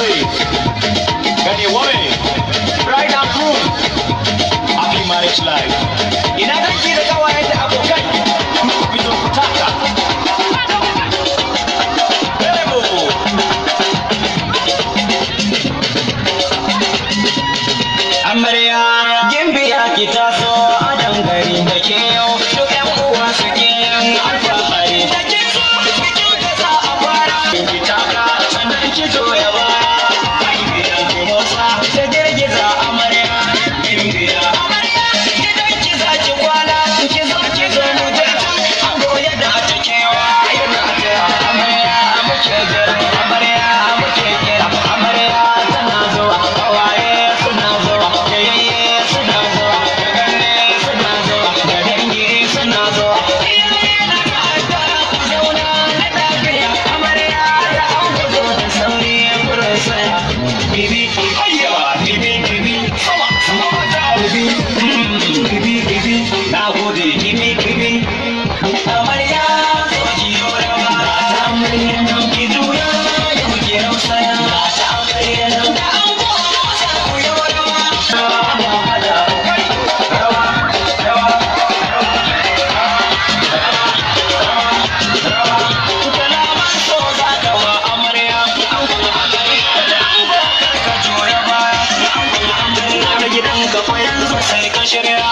say, when and groom, happy marriage life. In Shania.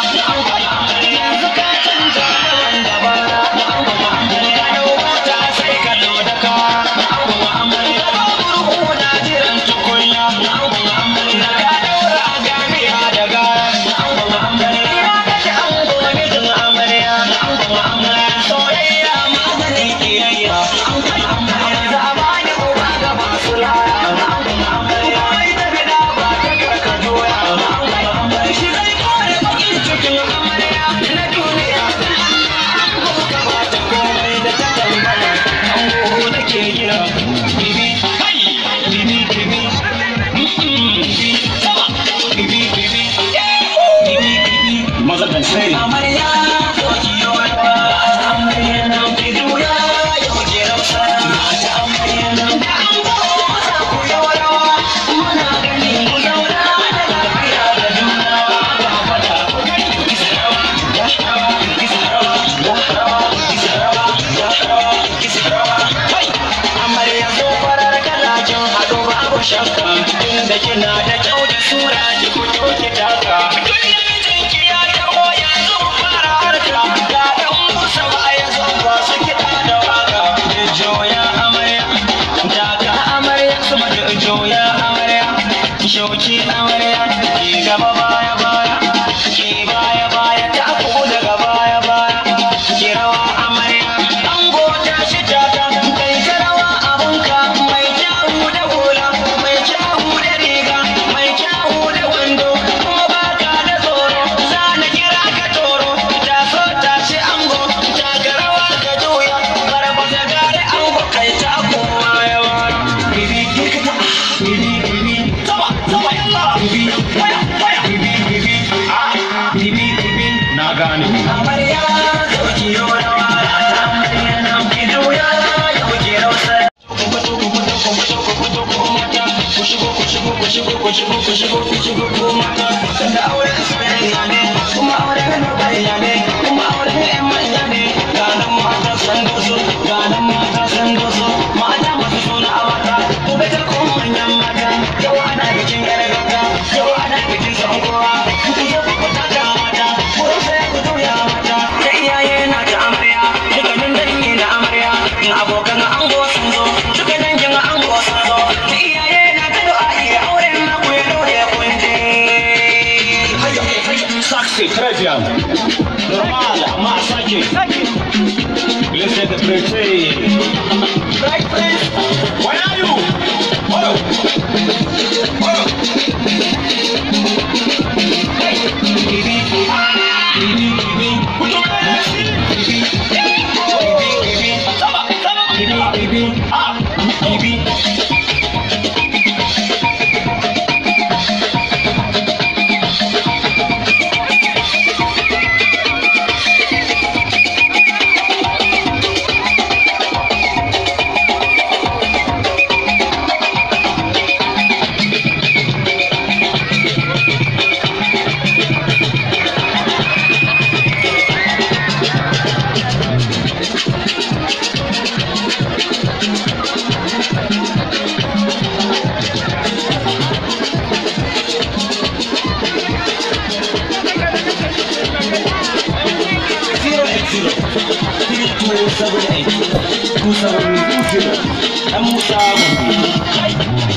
yeah, Coki amarya ke gaba manya ne auren yan manya ne ganin mata san doso masu suna abata ko bata manyan mata yau bikin yar ganga yau bikin sankowa ku mata ku mata da iyaye na ta amarya dukkanin dangi na amarya Na abokan ango sun ango sun da iyaye na ta auren na ku to the blue team. Thank you.